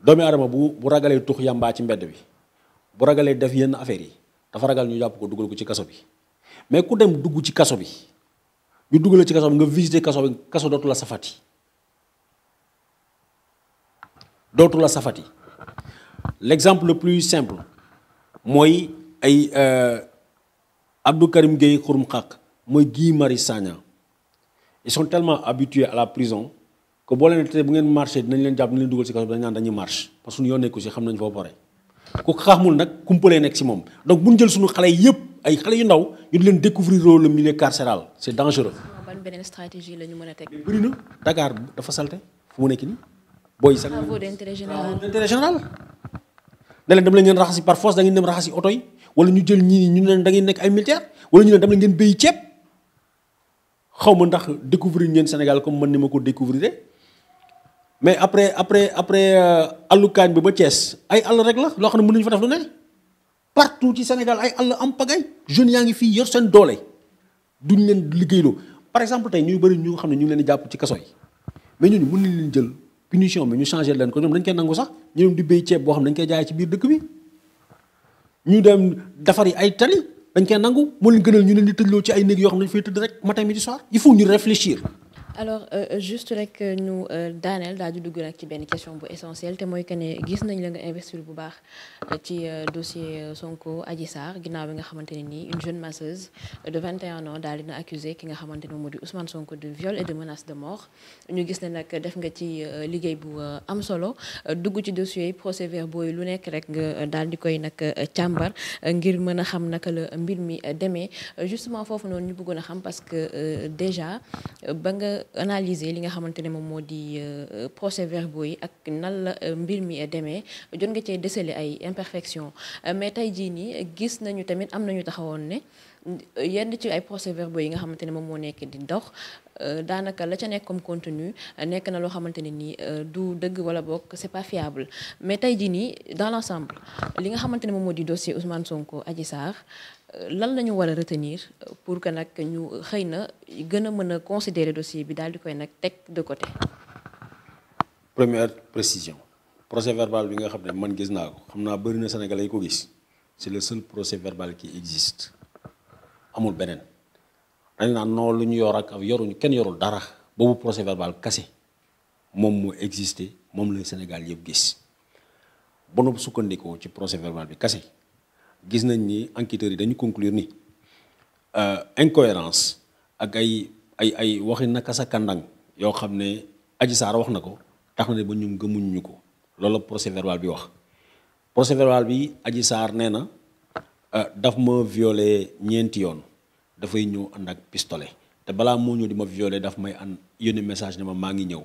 doomi aadama bu bu ragalee tux yàmbaa ci mbedd bi bu ragalee def yenn affaires yi dafa ragal ñu yàpp ko dugal ko ci kaso bi mais ku dem dugg ci kaso bi ñu dugalee ci kaso bi nga visité kaso kaso dootu la safati dootu la safati l'exemple le plus simple mooy ay euh, Abdou Karim Gueye xurum xaq mooy Guy Marius Sagna ils sont tellement habitués à la prison que boo leen tey bu ngeen marché dinañ leen jàpp dinañ leen dugal ci kaso dañ naan dañuy marche parce que suñu yoon nekku ku xamul nag kumpalee nekk ci moom donc bu ñu jël suñu xale yëpp ay xale yu ndaw ñu di leen découvrir le milieu carcéral c'est dangereux.
ban beneen stratégie ñu mën a teg. bëri na
Dakar dafa salte fu mu nekk nii. booy sax travaux
d'intérêt général.
ne leen dem leen raxas yi par force da ngeen dem raxas yi oto yi wala ñu jël ñii ñu leen da ngeen nekk ay militaire wala ñu ne dama ngeen béy ceeb xaw ma ndax découvrir ngeen Sénégal comme man ni ma ko découvrir mais après après après euh, àllukaañ bi ba Thiès ay àll rek la loo xam ne mën nañu fa def lu ne partout ci Sénégal ay àll am pagay jeunes yaa ngi fii yor seen doole duñ leen liggéeyloo par exemple tey ñuy bëri ñu nga xam ne ñu ngi leen di jàpp ci kaso yi mais ñooñu mën nañ leen jël punition bi ñu changé leen ko ñoom dañ koy nangu sax ñoom di béy ceeb boo xam dëkk bi. ñu dem defar yi ay tali dañ koy nangu moo leen gënal ñu leen di tëjloo ci ay néeg yoo xam ne dañu fay tëdd rek matin midi soir il faut ñu réfléchir
alors euh, euh, juste rek ñu euh, euh, daaneel daal di dugg rek ci benn question bu essentielle te mooy que ne gis nañ la nga investir bu baax ci dossier Sonko Adji Sarr ginnaaw bi nga xamante ne nii une jeune masseuse de 21 ans daal dina accusé ki nga xamante ne moo di Ousmane Sonko de viol et de menace de mort ñu gis ne nag def nga ci liggéey bu am solo dugg ci dossier yi procès verbaux lu nekk rek nga daal di koy nag càmbar ngir mën a xam naka la mbir mi demee justement foofu noonu ñu bëggoon a xam parce que déjà analyser li nga xamante ne moom moo di euh, procès verbaux yi ak nan la euh, mbir mi demee jot nga cee déceler ay imperfections euh, mais tey jii nii gis nañu tamit am nañu taxawoon ne yenn ci ay procès verbaux yi nga xamante ne moom moo nekk di dox daanaka la ca nekk comme contenu nekk na loo xamante ne nii du dëgg wala boog c'est pas fiable mais tey jii nii dans l'ensemble li nga xamante ne moom moo di dossier Ousmane Sonko aji Sarr lan la ñu war a retenir pour que nag ñu xëy na gën a mën a considérer dossier bi daal di koy nag teg de côté.
première précision procès verbal bi nga xam ne man gis naa ko xam naa bëri na Sénégalais yi ko gis c'est le seul procès verbal qui existe amul beneen dañ naan non lu ñu yor ak yoruñu kenn yorul dara boobu procès verbal kase moom moo existé moom la Sénégal yëpp gis bu nu sukkandikoo ci procès verbal bi kase gis nañ ni enquêteurs yi dañu conclure ni euh, incohérence ak ay ay ay waxi naka sa kàndang yoo xam ne Adji saar wax na ko tax na ne ba ñu gëmuñ ñu ko loolu la procès verbal bi wax procès verbal bi aji saar nee na euh, daf ma violé ñeenti yoon dafay ñëw ànd ak pistolet te balaa moo ñëw di ma violé daf may ànd yónni message ne ma maa ngi ñëw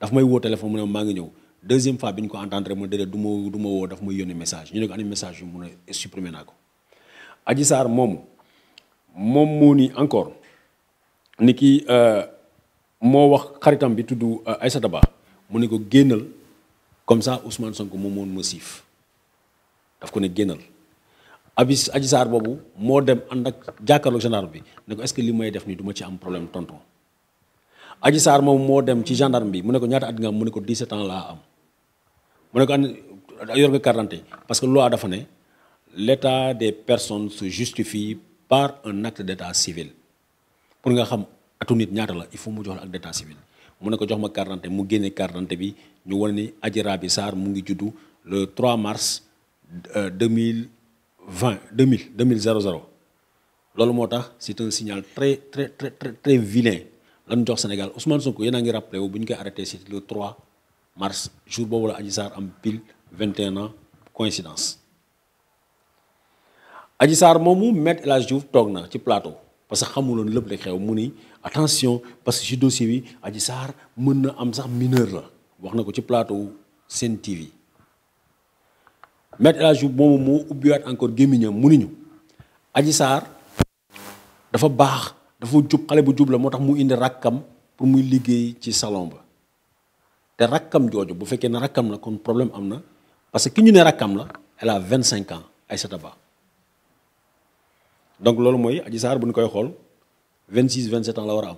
daf may woo téléphone mu ne ma maa ngi ñëw deuxième fois bi ñu ko entendre mu déedéet du ma du ma woo daf may yónnee message ñu ne ko ani message yu mun a supprimer naa ko. Adji moom moom moo ni encore ni ki euh, moo wax xaritam bi tudd euh, Aïssata Ba mu ne ko génnal comme ça Ousmane Sonko moom moon ma siif daf ko ne génnal abis Adji Sarr boobu moo dem ànd ak jàkkaarloo gendarme bi ne ko est li may def nii duma ci am problème tonton. Adji Sarr moom moo dem ci gendarme bi mu ne ko ñaata at nga am mu ne ko 17 ans laa am mu ne ko an yor nga parce que loi dafa ne l'état des personnes se justifie par un acte d'état civil pour nga xam atu nit ñaata la il faut mu jox la acte d'état civil mu ne ko jox ma quarante mu génne quarante bi ñu wane ni Adji Raby Sarr mu ngi juddu le 3 mars 2020 2000 2000 loolu moo tax c'est un signal très très très très très vilain lan jox Sénégal Ousmane Sonko yéen a ngi rappelé wu bu ñu koy arrêté ci le 3 mars jour boobu la Adji Sarr am pile 21 ans coïncidence Adji Sarr moomu Me El Hadji toog na ci plateau parce que xamuloon lépp li xew mu ni attention parce que ci dossier bi Adji Sarr mën na am sax mineur la wax na ko ci plateau seen TV Me El Hadji Diouf moomu moo ubbiwaat encore gémmiñam mu ni ñu Adji Sarr dafa baax. dafa jub xale bu jub la moo tax mu indi rakkam pour muy liggéey ci salon ba te rakkam jooju bu fekkee ne rakkam la kon problème am na parce que ki ñu ne rakkam la elle a vingt cinq ans Aïssata Ba donc loolu mooy Adji Sarr bu ñu koy xool vingt six vingt sept la war a am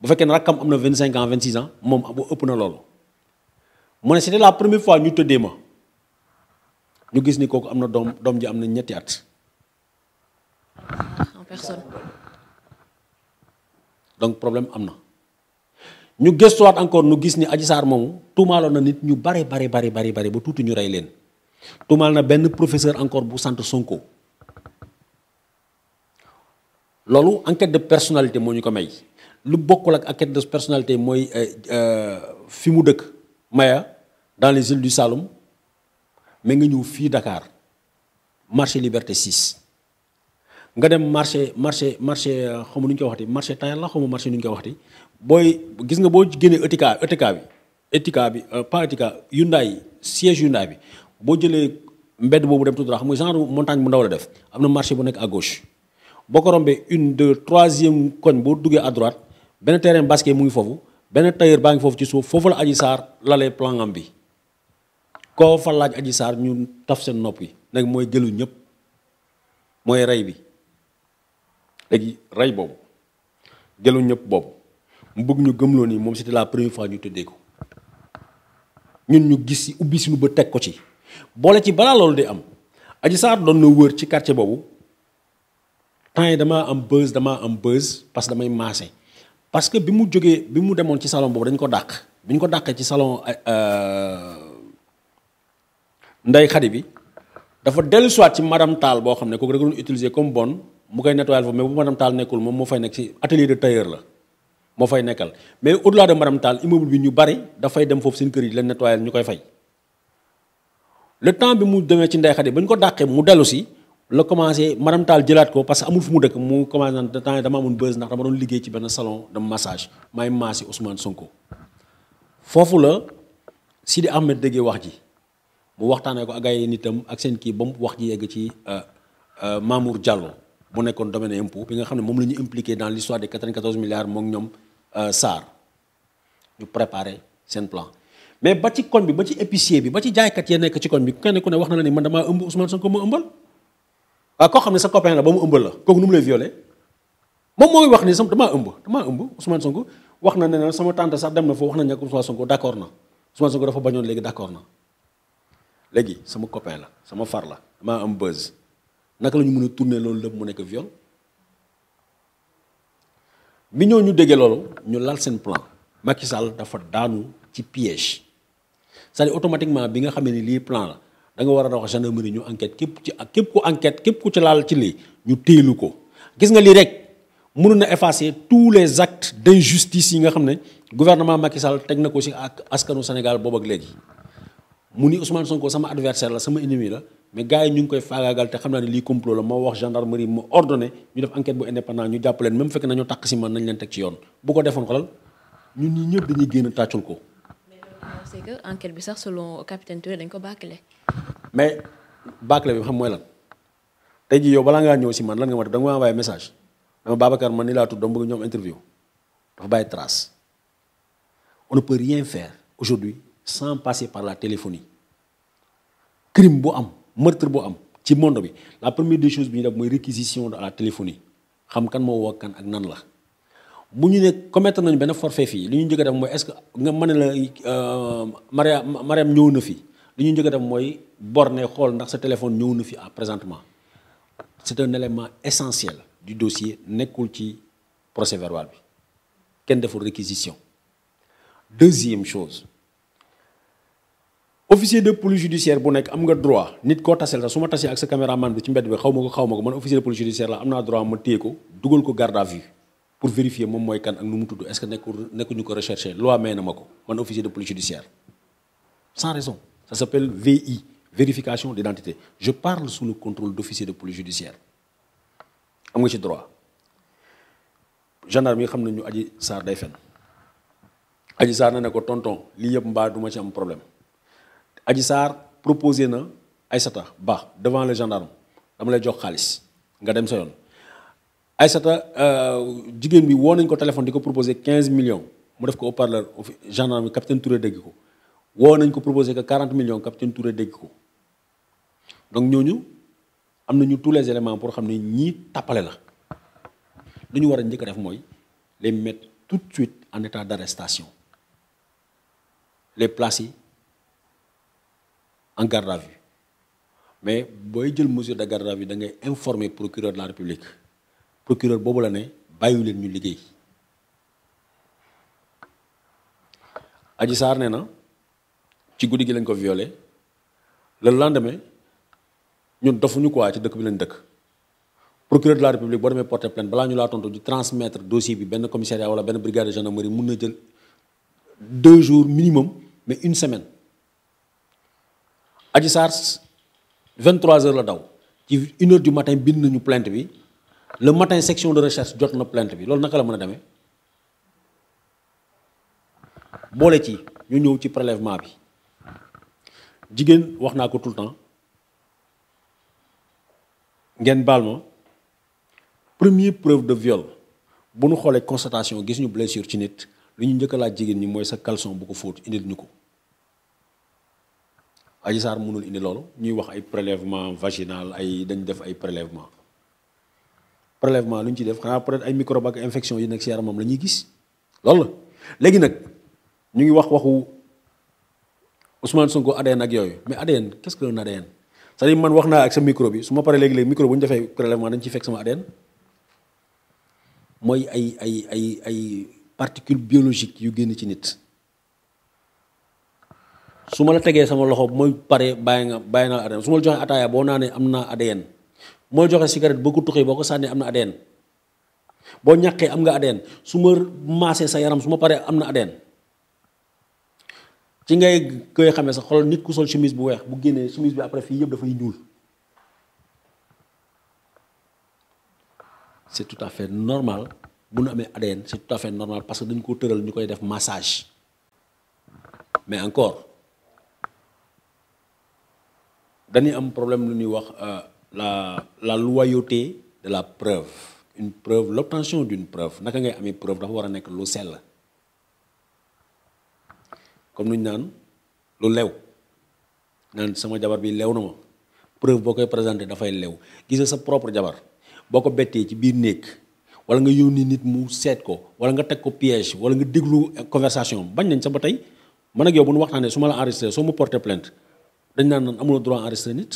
bu fekkee ne rakkam am na vingt cinq ans vingt six ans moom bu ëpp na loolu mu ne c'était la première fois ñu tëddee ma ñu gis ni kooku am na doom doom ji am na ñetti at en donc problème am na ñu gëstuwaat encore nu gis ni Adji Sarr moomu tuumaaloon na nit ñu bare bare bare bare bare ba tuuti ñu rey leen tuumaal na benn professeur encore bu sant Sonko loolu enquête de personnalité moo ñu ko may lu bokkul ak enquête de personnalité mooy euh, euh, fi mu dëkk Maya dans les îles du Saloum mais nga ñëw fii Dakar marché Liberté 6 nga dem marché marché marché euh, xamu nu ñu koy waxati marché tayal la xamu marché nu ñu koy waxati booy gis nga boo génnee Etika Etika bi Etika bi euh, pas Etika Hyundai yi siège Hyundai bi boo jëlee mbedd boobu dem tout droit xam nga genre montagne bu ndaw la def am na marché bu nekk à boo ko rombee une deux troisième koñ boo duggee à droite benn terrain basket mu ngi foofu benn tailleur baa ngi foofu ci suuf foofu la Adji saar lalee plan am bi koo fa laaj aji Sarr ñu taf seen nopp yi nag mooy jëlu ñëpp mooy rey bi léegi rey boobu gelu ñëpp boobu mu bëgg ñu gëmloo nii moom c'était la première fois ñu tëddee ko ñun ñu gis si ubbi ba teg ko ci boole ci balaa loolu di am Adji Sarr doon na wër ci quartier boobu temps yi damaa am buzz damaa am buzz parce que damay maase parce que bi mu jógee bi mu demoon ci salon boobu dañ ko dàq bi ñu ko dàqee ci salon euh, Ndeye Khady bi dafa dellu dellusiwaat ci madame taal boo xam ne kooku da ko doon utiliser comme bon mu koy nettoyal foofu mais bu madame nekkul moom moo fay nekk si atelier de tailleur la moo fay nekkal mais au laa de madame Tall bi ñu bari dafay dem foofu seen kër yi di leen nettoyal ñu koy fay. le temps bi mu demee ci Ndeye Khady ba ñu ko dàqee mu dellu si la commencé madame jëlaat ko parce que amul fu mu dëkk mu commencé naan temps yii dama amoon buzz ndax dama doon liggéey ci benn salon de massage may maasi Ousmane Sonko foofu la Sidi Ahmed déggee wax ji mu waxtaanee ko ak ay nitam ak seen kii ba mu wax ji yegg ci euh, euh, Mamour Diallo. bu nekkoon domaine impôt bi nga xam ne moom la ñu impliqué dans l'histoire des 94 milliards moom ñoom euh, SAR ñu préparé seen plan mais ba ci koñ bi ba ci épicier bi ba ci jaaykat ya nekk ci koñ bi kenn ku ne wax na la ni man damaa ëmb Ousmane Sonko ma ëmbal waaw koo xam ne sa copain la ba mu ëmbal la kooku nu mu lay violé moom mooy wax ni sama damaa ëmb damaa ëmb Ousmane Sonko wax na ne sama tante sax dem na fa wax nañ ak Ousmane Sonko d'accord na Ousmane Sonko dafa bañoon léegi d'accord na léegi sama copain la sama far la damaa am buzz naka lañu ñu mën a tourner loolu lépp mu nekk viol bi ñëw ñu déggee loolu ñu lal seen plan Macky Sall dafa daanu ci piège cest à automatiquement bi nga xam ne lii plan la danga war a wax gendarmerie ñu enquête képp ci ak képp ku enquête képp ku ci laal ci lii ñu téelu ko gis nga lii rek mënu na effacer tous les actes d'injustice yi nga xam ne gouvernement Macky Sall teg na ko si ak askanu Sénégal boobu ak léegi mu ni Ousmane Sonko sama adversaire la sama ennemi la. mais gars yi ñu ngi koy faagaagal te xam naa ne lii complot la moo wax gendarmerie mu ordonné ñu def enquête bu indépendant ñu jàpp leen même fekk nañu takk si man nañ leen teg ci yoon bu ko defoon xolal ñun ñi ñëpp dañuy génn tàccul ko.
mais c'est que enquête bi sax selon capitaine Touré dañ ko bâclé.
mais bâclé bi xam mooy lan te jii yow balaa ngaa ñëw si man lan nga ma def da nga ma envoyé message dama Babacar ma ni laa tudd dama bëgg ñoom interview dafa bàyyi trace on ne peut rien faire par la téléphonie crime bu am. meurtre bu am ci monde bi la première des choses bi ñu def mooy réquisition de la téléphonie xam kan moo woo kan ak nan la bu ñu ne commettre nañu benn forfait fii li ñu njëkk a def mooy est-ce que nga mën la euh, Mariam Mariam ñëw na fi li ñu njëkk a def mooy borne xool ndax sa téléphone ñëw na fi à présentement c'est un élément essentiel du dossier nekkul ci procès verbal bi kenn deful réquisition deuxième chose officier de police judiciaire bu nekk am nga droit nit koo tasel sax su ma tasee ak sa caméraman bi ci mbedd bi xaw ma ko xaw ma ko man officier de police judiciaire la am naa droit ma téye ko dugal ko garde à vue pour vérifier moom mooy kan ak nu mu tudd est-ce que nekku nekkuñu ko recherché loi may na ma ko man officier de police judiciaire sans raison sa s'appelle VI vérification d'identité je parle su le contrôle d'officier de police judiciaire am nga ci droit gendarme yi xam nañu Adji Sarr day fen Adji Sarr ne ko tonton lii yëpp mbaa du ma ci am problème Adji Sarr proposé na ay Aïssata Ba devant les gendarmes dama lay jox xaalis nga dem sa yoon ay Aïssata euh, jigéen bi woo nañ ko téléphone di ko proposé 15 millions mu def ko au parleur gendarme bi capitaine Touré dégg ko woo nañ ko proposé que 40 millions capitaine Touré dégg ko donc ñooñu am nañu tous les éléments pour xam ne ñii tappale la lu ñu war a njëkk def mooy les mettre tout de suite en état d' arrestation les places yi. en garde à mais booy jël mesure de garde à vue da ngay informer procureur de la république procureur boobu la ne bàyyi leen ñu liggéey. Adji Sarr nee na ci guddi gi lañ ko violé la lendemain ñun dofuñu quoi ci dëkk bi lañ dëkk procureur de la république boo demee porter plainte balaa ñu laa tontu di transmettre dossier bi benn commissariat wala benn brigade de gendarmerie mun na jël deux jours minimum mais une semaine. Adji Sarr 23h la daw ci une heure du matin bind nañu plainte bi le matin section de recherche jot na plainte bi loolu naka la mën a deme boole ci ñu ñëw ci prélèvement bi jigéen wax naa ko tout temps ngeen baal ma première preuve de viol bu ñu xoolee constatation gis ñu blessure ci nit lu ñu njëkk a jigéen ñi mooy sa calson bu ko fóot indil ñu ko. Adji Sarr mënul indi loolu ñuy wax ay prélèvement vaginal ay dañ def ay prélèvement prélèvement luñ ci def xanaa peut ay microbe ak infection yi nekk ci yaramam la ñuy gis loolu la léegi nag ñu ngi wax waxu Ousmane Sonko ADN ak yooyu mais ADN qu'est-ce que un ADN man wax naa ak sa micro bi su ma paree léegi-léegi micro bu ñu defee prélèvement dañ ci fekk sama ADN mooy ay ay ay ay particule biologiques yu génn ci nit su ma la tegee sama loxo mooy pare bàyyi nga bàyyi naa la ADN su ma joxee ataaya boo naanee am naa ADN mooy joxe cigarette boo ko tuxee boo ko am na ADN boo ñàkkee am nga ADN su ma maasee sa yaram su ma paree am na ADN ci ngay koy xamee sax xoolal nit ku sol chemise bu weex bu génnee chemise bi après fii yëpp dafay ñuul c'est tout à fait normal bu nu amee ADN c'est tout à fait normal parce que dañ koo tëral ñu koy def massage mais encore danuy am problème lu ñuy wax euh, la la loyauté de la preuve une preuve l'obtention d'une preuve naka ngay amee preuve dafa war a nekk lu sell comme lu ñu naan lu lew naan sama jabar bi lew na ma preuve boo koy présenté dafay lew gis sa propre jabar boo ko bettee ci biir néeg wala nga yónni nit mu seet ko wala nga teg ko piège wala nga déglu conversation bañ nañ sa ba tey man ak yow bu nu waxtaanee su ma la enregistré soo ma porte plainte dañ naan naan amuloo droit enregistré nit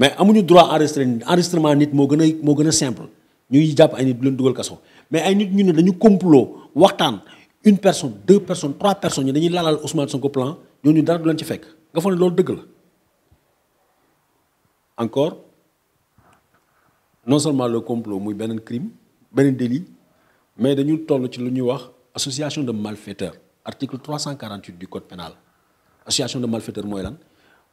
mais amuñu droit enregistré nit enregistrement nit moo gën a moo gën a simple ñuy jàpp ay nit du leen dugal kaso mais ay nit ñu ne dañu complot waxtaan une personne deux personnes trois personnes ñu dañuy laalal Ousmane Sonko plan ñooñu dara du leen ci fekk nga foog ne loolu dëgg la encore non seulement le complot muy beneen crime beneen délit mais dañu toll ci lu ñuy wax association de malfaiteurs article 348 du code pénal association de malfaiteurs mooy lan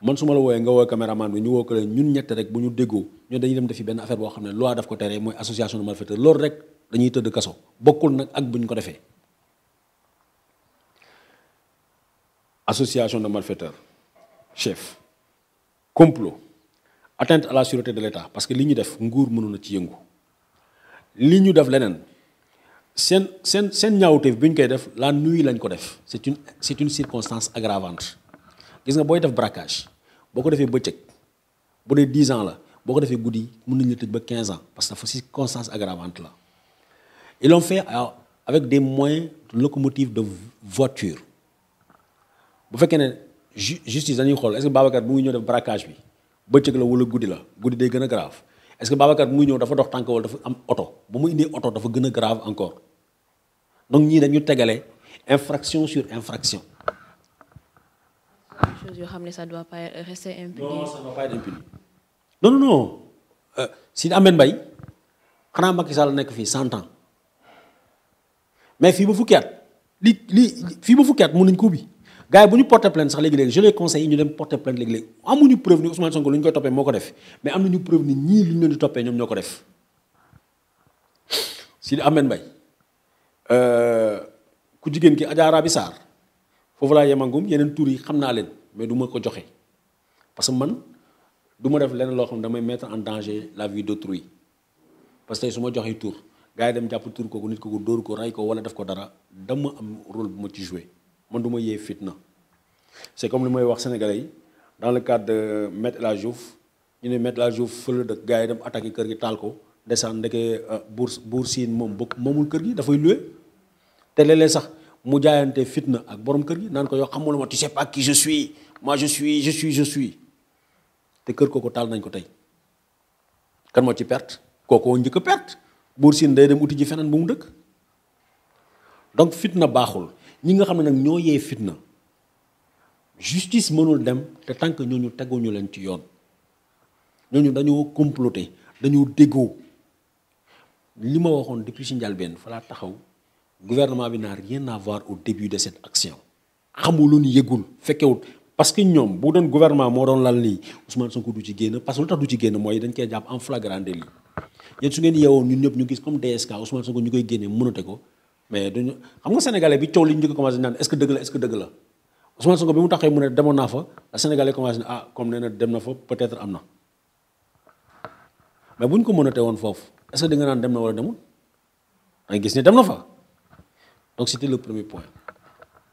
man su ma la wooyee nga woo caméraman bi ñu woo ko ñun ñett rek bu ñu déggoo ñun dañuy dem defi benn affaire boo xam ne loi daf ko tere mooy association de malfaiteurs loolu rek dañuy tëdd kaso bokkul nag ak bu ko defee association de malfaiteurs chef complot atteinte à la sûreté de l'État parce que li ñu def nguur mënu na ci yëngu li ñu def leneen seen seen seen ñaawteef bi ñu koy def la nuit lañ ko def c'est une c'est une circonstance aggravante gis nga booy def braquage boo ko defee bëccëg bu dee 10 ans la boo ko defee guddi mën nañu tëj ba 15 ans parce que dafa circonstance aggravante la ils l'ont fait avec des moyens de locomotive de voiture bu fekkee ne justice dañuy xool est-ce que Babacar bu ngi ñëw def braquage bi bëccëg la wala guddi la guddi day gën a grave est-ce que Babacar bu muy ñëw dafa dox tànk wala dafa am oto bu mu indee oto dafa gën a grave encore donc ñii dañu tegale infraction sur infraction
chose yoo xam ne ça doit pas rester impuni. non ça
doit non non non euh, Sidi Ahmed Mbaye xanaa Macky nekk fii cent ans mais fii ba fukki at li li fii ba fukki at mën nañu ko bi gars yi bu ñu porté plainte sax léegi-léegi je les conseille ñu dem porté plainte léegi-léegi amuñu preuve ni Ousmane Sonko lu ñu koy toppee moo ko def mais am nañu preuve ni ñii lu ñu leen di toppee ñoom ñoo ko def Sidi Ahmed Mbaye euh, ku jigéen ki Adja Rabi foofu laa yemangum yeneen tur yi xam naa leen. mais du ma ko joxe parce que man du ma def leneen loo xam damay mettre en danger la vie d'autrui parce que tey su ma joxee tour gars yi dem jàpp tur kooku nit kooku dóor ko rey ko wala def ko dara dama am rôle bu ma ci joué man du ma yee fitna. c'est comme li may wax sénégalais yi dans le cadre de Maître El jouf ñu ne Maître El Hadji Diouf fële dëkk gars yi dem attaque kër gi taal ko desaan ndeke euh, buur buur siin moom bokk moomul kër gi dafay luwe te léeg sax. mu jaayante fitna ak boroom kër gi naan ko yow xamul ma tu sais pas qui je suis moi je suis je suis te kër kooku taal nañ ko tey kan moo ci perte kooku njëkk a perte buur siin day dem uti ji feneen bu mu dëkk donc fitna baaxul ñi nga xam ne nag ñoo yee fitna justice mënul dem te tant que ñooñu teguñu leen ci yoon ñooñu dañoo comploter dañoo déggoo li ma waxoon depuis si njëlbeen fa laa taxaw. gouvernement bi n'a rien à voir au début de cette action xamuloon yëgul fekkewul parce que ñoom bu dem gouvernement moo doon lal nii Ousmane Sonko du ci génn parce que lu tax du ci génn mooy dañ koy jàpp en flagrant délit yéen su ngeen yeewoon ñun ñëpp ñu gis comme DSK Ousmane Sonko ñu koy génnee mënate ko mais duñu xam nga sénégalais bi coow li ñu ko commencé naan est-ce que dëgg la est-ce que dëgg la Ousmane Sonko bi mu taxee mu ne demoon naa fa la sénégalais commencé ne ah na dem na fa peut-être am na mais bu ñu ko mënatee woon foofu est-ce que di naan dem na wala demul da gis ne dem na fa. donc c'était le premier point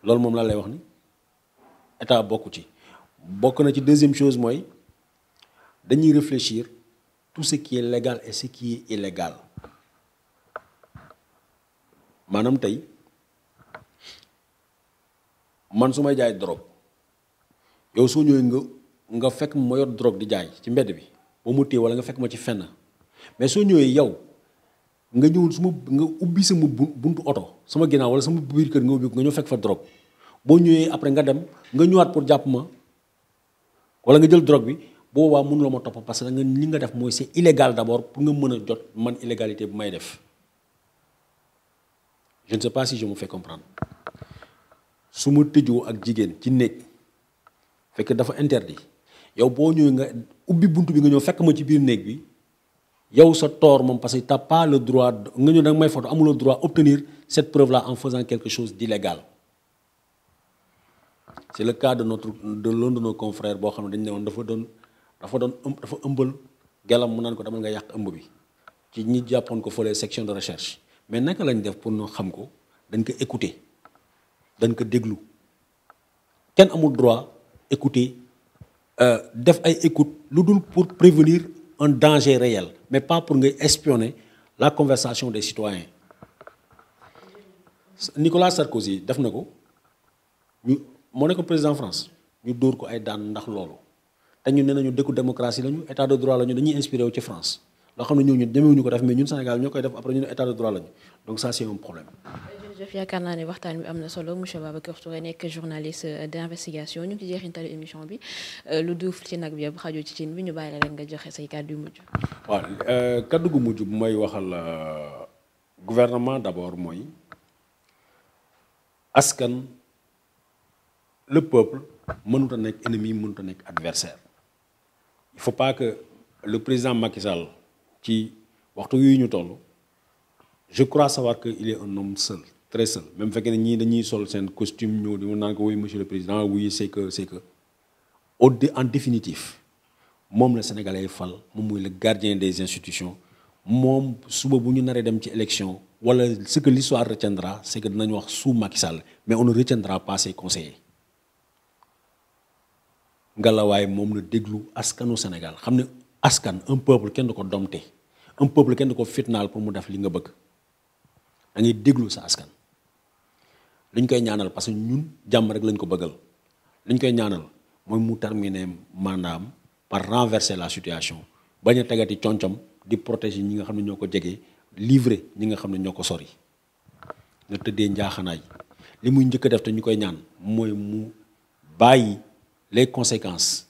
loolu moom laa lay wax ni état bokku ci bokk na ci deuxième chose mooy dañuy réfléchir tout ce qui est légal et ce qui est illégal maanaam tey man su may jaay drogue yow soo ñëwee nga nga fekk ma yor drogue di jaay ci mbedd bi ba mu téye wala nga fekk ma ci fenn mais soo ñëwee yow. nga ñëwul suma ma nga ubbi sama buntu oto sama ginnaaw wala sama biir kër nga ubbi nga ñëw fekk fa drogue boo ñëwee après nga dem nga ñëwaat pour jàpp ma wala nga jël drogue bi boobaa mënuloo ma topp parce que nga li nga def mooy c'est illégal d'abord pour nga mën a jot man illégalité bu may def je ne sais pas si je me fais comprendre su ma tëjoo ak jigéen ci néeg fekk dafa interdi yow boo ñëwee nga ubbi bunt bi nga ñëw fekk ma ci biir néeg bi. yow sa tort moom parce que t'as pas le droit nga ñu nag may photo amuloo droit obtenir cette preuve là en faisant quelque chose d'illégal c'est le cas de notre de l'un de boo xam ne dañ ne woon dafa doon dafa doon dafa ëmbal gelam mu naan ko demal nga yàq ëmb bi ci ñi jàppoon ko fële section de recherche mais naka lañ def pour ñu xam ko dañ ko écouter dañ ko déglu kenn amul droit écouter euh, def ay écoute lu dul pour prévenir un danger réel mais pas pour ngay espionner la conversation des citoyens Nicolas Sarkozy def na ko ñu moo nekk président France ñu dóor ko ay daan ndax loolu te ñu ne nañu dëkku démocratie lañu état de droit lañu dañuy inspiré ci France loo xam ne ñooñu demewuñu ko def mais ñun Sénégal ñoo koy def après ñu ne état de droit lañu donc ça c'est un problème
jërëjëf yaakaar naa ne waxtaan bi am na solo monsieur Babacar Touré nekk journaliste euh, d'investigation ñu ngi ci jeexintalu émission bi euh, lu duuf ci nag bi yëpp xajoo ci cin bi ñu bàyyi la rek nga joxe say kàddu yu mujj.
waaw euh, kàddu gu mujj bu may waxal gouvernement d'abord mooy askan le peuple mënut a nekk ennemi mënut a nekk adversaire il faut pas que le président Macky ci waxtu yu ñu toll. Je crois savoir qu'il est un homme seul. très simple même fekkee ne ñii dañuy sol seen costume ñëw di naan ko oui monsieur le président oui c'est que c'est que au en définitif moom la sénégalais yi fal moom mooy le gardien des institutions moom suba bu ñu naree dem ci élection wala ce que l'histoire retiendra c'est que dinañ wax sous Macky Sall mais on ne retiendra pas ses conseillers ngalawaay moom la déglu askanu Sénégal xam ne askan un peuple kenn du ko domte un peuple kenn du ko fitnaal pour mu def li nga bëgg da déglu sa askan luñ koy ñaanal parce que ñun jàmm rek lañu ko bëggal luñ koy ñaanal mooy mu terminer mandaam par renverser la situation bañ a tegati concom di protége ñi nga xam ne ñoo ko jege livrer ñi nga xam ne ñoo ko sori na tëddee njaaxanaay li muy njëkk a def te ñu koy ñaan mooy mu bàyyi les conséquence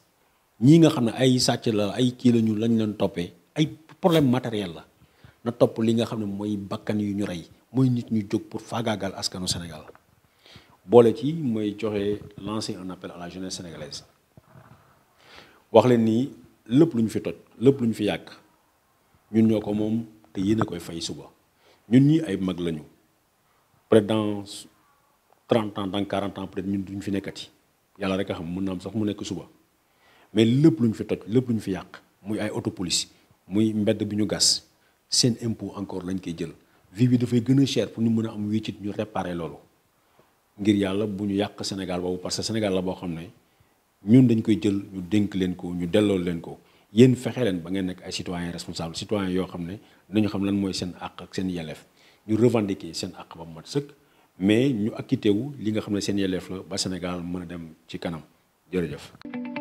ñii nga xam ne ay sàcc la ay kii la ñu lañ leen toppee ay problème matériel la na topp li nga xam ne mooy bakkan yu ñu rey mooy nit ñu jóg pour faagaagal askanu Sénégal boole ci mooy joxe lancer un appel à la jeunesse sénégalaise wax leen nii lépp lu ñu fi toj lépp lu ñu fi yàq ñun ñoo ko moom te yéen a koy fay suba ñun ñi ay mag lañu peut-être dans trente ans dans quarante ans peut-être ñun duñ fi nekkati yàlla rek a xam mun na am sox mu nekk suba mais lépp lu ñu fi toj lépp lu ñu fi yàq muy ay auto police muy mbedd bi ñu gas seen impôt encore lañ koy jël vie bi dafay gën cher pour ñu mën a am wéccit ñu réparer loolu. ngir yàlla bu ñu yàq Sénégal boobu parce que Sénégal la boo xam ne ñun dañ koy jël ñu dénk leen ko ñu delloo leen ko yéen fexe leen ba ngeen nekk ay citoyens responsables citoyens yoo xam ne nañu xam lan mooy seen àq ak seen yelleef ñu revendiquer seen àq ba mu mat sëkk mais ñu acquitté wu li nga xam ne seen yelleef la ba Sénégal mën a dem ci kanam jërëjëf.